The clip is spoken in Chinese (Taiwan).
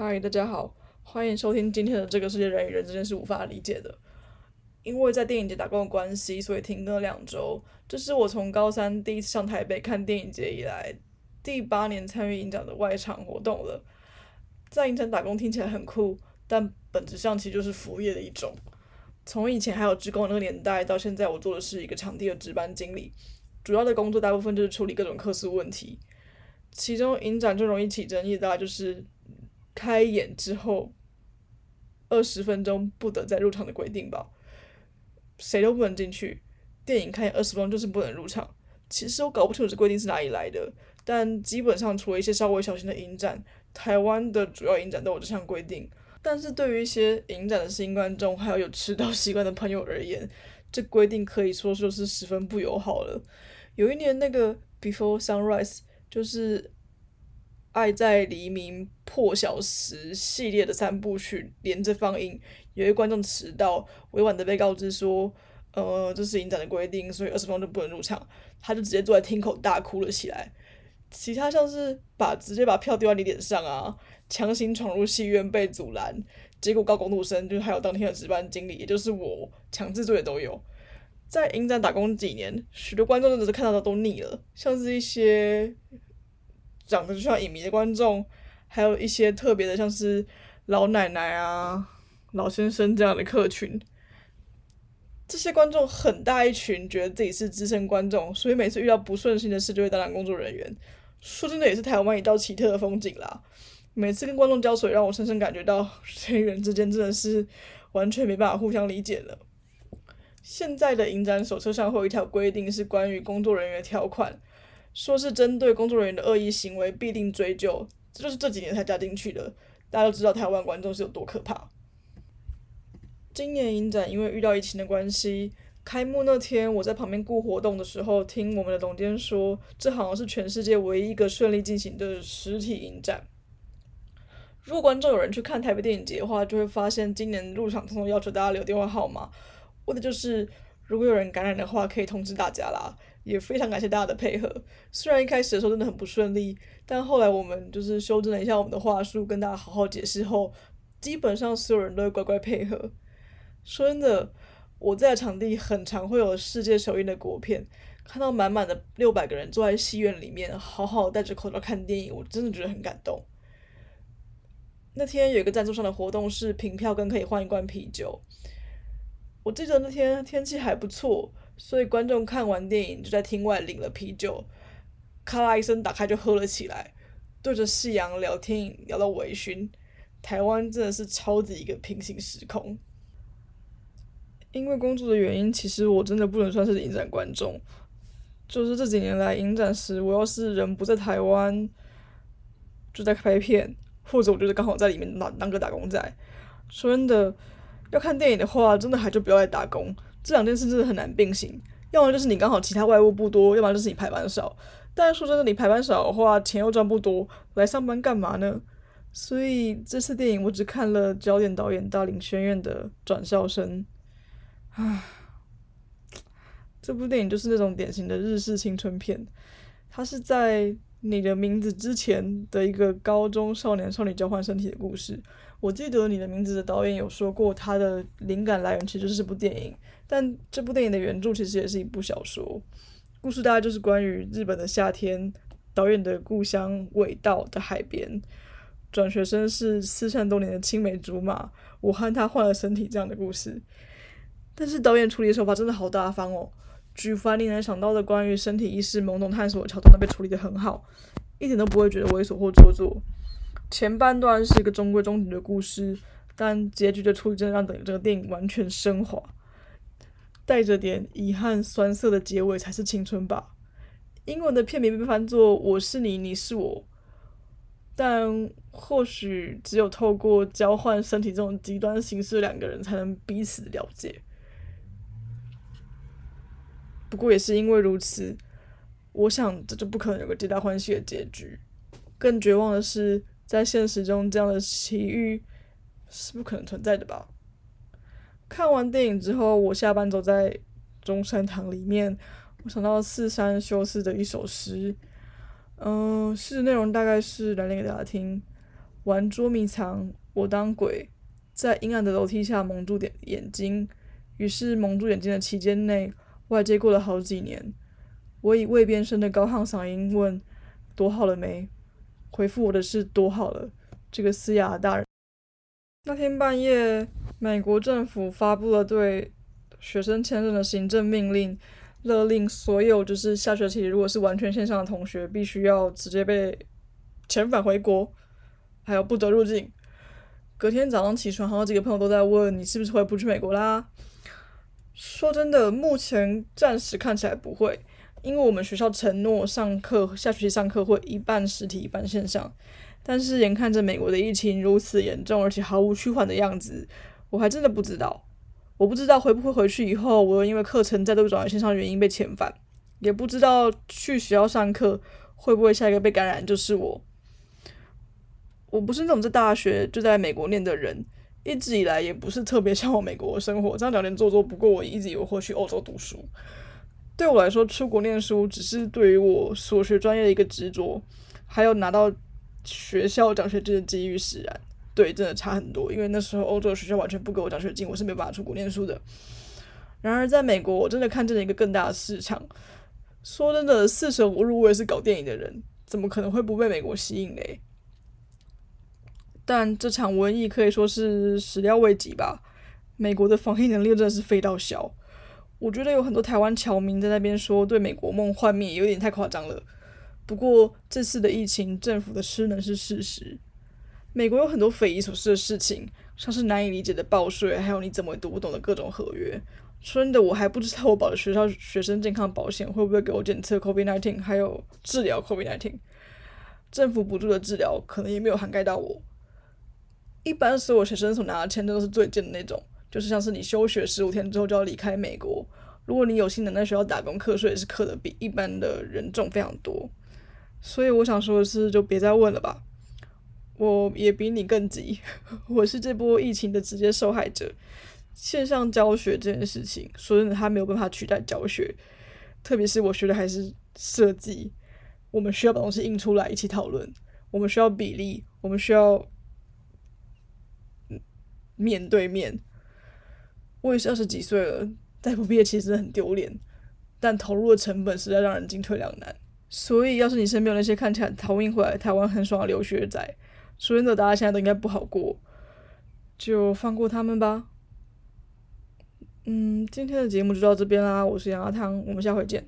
嗨，Hi, 大家好，歡迎收聽今天的《這個世界人與人之間是無法理解的》。因為在電影節打工的關係，所以停更了兩周。這是我從高三第一次上台北看電影節以來，第八年參與影展的外場活動了。在影展打工聽起來很酷，但本質上其實就是服務業的一種。從以前還有職工的那個年代到現在，我做的是一個場地的值班經理，主要的工作大部分就是處理各種客訴問題。其中影展最容易起爭議的，大概就是開演之後，二十分鐘不得再入場的規定吧，誰都不能進去。電影開演二十分鐘就是不能入場。其實我搞不清楚這規定是哪裡來的，但基本上除了一些稍微小型的影展，台灣的主要影展都有這項規定。但是對於一些影展的新觀眾，還有有遲到習慣的朋友而言，這規定可以說就是十分不友好了。有一年那個《Before Sunrise》就是。愛在《黎明破曉時》系列的三部曲連着放映，有一觀眾遲到，委婉地被告知說：“呃，這是影展的規定，所以二十分鐘不能入場。”他就直接坐在廳口大哭了起來。其他像是把直接把票丟在你臉上啊、強行闖入戲院被阻攔，結果高工讀生就是、還有當天的值班經理，也就是我強制作業都有。在影展打工幾年，許多觀眾只是看到都膩了，像是一些。長得就像影迷的觀眾，還有一些特別的，像是老奶奶啊、老先生這樣的客群。這些觀眾很大一群，覺得自己是資深觀眾，所以每次遇到不順心的事，就會打擾工作人員。說真的，也是台灣一道奇特的風景啦。每次跟觀眾交手，讓我深深感覺到人與人之間真的是完全沒辦法互相理解了。現在的影展手冊上會有一條規定，是關於工作人員條款。說是針對工作人員的惡意行為必定追究，這就是這幾年才加進去的。大家都知道台灣觀眾是有多可怕。今年影展因為遇到疫情的關係，開幕那天我在旁邊顧活動的時候，聽我們的總監說，這好像是全世界唯一一個順利進行的實體影展。如果觀眾有人去看台北電影節的話，就會發現今年入場通通要求大家留電話號碼，為的就是如果有人感染的話，可以通知大家啦。也非常感謝大家的配合。雖然一開始的時候真的很不順利，但後來我們就是修正了一下我們的話術，跟大家好好解釋後，基本上所有人都會乖乖配合。說真的，我在場地很常會有世界首映的國片，看到滿滿的六百個人坐在戲院裡面，好好戴着口罩看電影，我真的覺得很感動。那天有一個贊助商的活動是憑票根可以換一罐啤酒。我記得那天天氣還不錯，所以觀眾看完電影就在廳外領了啤酒，咔啦一聲打開就喝了起來，對着夕陽聊天聊到微醺。台灣真的是超級一個平行時空。因為工作的原因，其實我真的不能算是影展觀眾，就是這幾年來影展時，我要是人不在台灣，就在拍片，或者我就是剛好在裡面當個打工仔，真的。要看電影的話，真的還就不要來打工，這兩件事真的很難並行。要麼就是你剛好其他外務不多，要麼就是你排班少。但是說真的，你排班少的話，錢又賺不多，來上班幹嘛呢？所以這次電影我只看了焦點導演大林宣彥的《轉校生》。啊，這部電影就是那種典型的日式青春片，它是在《你的名字》之前的一個高中少年少女交換身體的故事。我記得你的名字的導演有說過，他的靈感來源其實就是這部電影，但這部電影的原著其實也是一部小說。故事大概就是關於日本的夏天，導演的故鄉尾道的海邊，轉學生是失散多年的青梅竹馬，我和他換了身體這樣的故事。但是導演處理的手法真的好大方哦，舉凡令人想到的關於身體意識懵懂探索的橋段都被處理得很好，一點都不會覺得猥瑣或做作。前半段是一個中規中矩的故事，但結局的處理真的讓整個電影完全升華。帶着點遺憾、酸澀的結尾才是青春吧。英文的片名被翻作《我是你，你是我》，但或許只有透過交換身體這種極端形式，兩個人才能彼此了解。不過也是因為如此，我想這就不可能有個皆大歡喜的結局。更絕望的是。在現實中，這樣的奇遇是不可能存在的吧？看完電影之後，我下班走在中山堂裡面，我想到寺山修司的一首詩，嗯、呃，詩內容大概是來念給大家聽：玩捉迷藏，我當鬼，在陰暗的樓梯下矇住眼眼睛，於是矇住眼睛的期間內，外界過了好幾年。我以未變聲的高亢嗓音問：躲好了沒？回復我的是多好了，這個嘶啞大人。那天半夜，美國政府發布了對學生簽證的行政命令，勒令所有就是下學期如果是完全線上的同學，必須要直接被遣返回國，還有不得入境。隔天早上起床，好幾個朋友都在問，你是不是會不去美國啦？說真的，目前暫時看起來不會。因為我們學校承諾上課下學期上課會一半實體一半線上，但是眼看着美國的疫情如此嚴重，而且毫無趨緩的樣子，我還真的不知道。我不知道會不會回去以後，我又因為課程再度轉到線上的原因被遣返。也不知道去學校上課會不會下一個被感染就是我。我不是那種在大學就在美國念的人，一直以來也不是特別向往美國的生活，這兩年做作。不過我一直以為我會去歐洲讀書。對我來說，出國念書只是對於我所學專業的一個執着，還有拿到學校獎學金的機遇使然。對，真的差很多，因為那時候歐洲的學校完全不給我獎學金，我是沒有辦法出國念書的。然而，在美國，我真的看見了一個更大的市場。說真的，四舍五入，我也是搞電影的人，怎麼可能會不被美國吸引呢？但這場瘟疫可以說是始料未及吧。美國的防疫能力真的是廢到笑。我覺得有很多台灣僑民在那邊說，對美國夢幻滅，有點太誇張了。不過這次的疫情，政府的失能是事實。美國有很多匪夷所思的事情，像是難以理解的報稅，還有你怎麼也讀不懂的各種合約。說真的，我還不知道我保的學校學生健康保險會不會給我檢測 COVID-19，還有治療 COVID-19。政府補助的治療可能也沒有涵蓋到我。一般所有學生所拿的簽證，都是最近的那種。就是像是你休學十五天之後就要離開美國，如果你有幸能在學校打工，課稅也是課的比一般的人重非常多。所以我想說的是，就別再問了吧。我也比你更急， 我是這波疫情的直接受害者。線上教學這件事情，所以他沒有辦法取代教學，特別是我學的還是設計，我們需要把東西印出來一起討論，我們需要比例，我們需要面對面。我也是二十幾歲了，再不畢業其實真的很丟臉，但投入的成本實在讓人進退兩難。所以，要是你身邊有那些看起來逃命回來台灣很爽的留學仔，說真的，大家現在都應該不好過，就放過他們吧。嗯，今天的節目就到這邊啦，我是楊阿湯，我們下回見。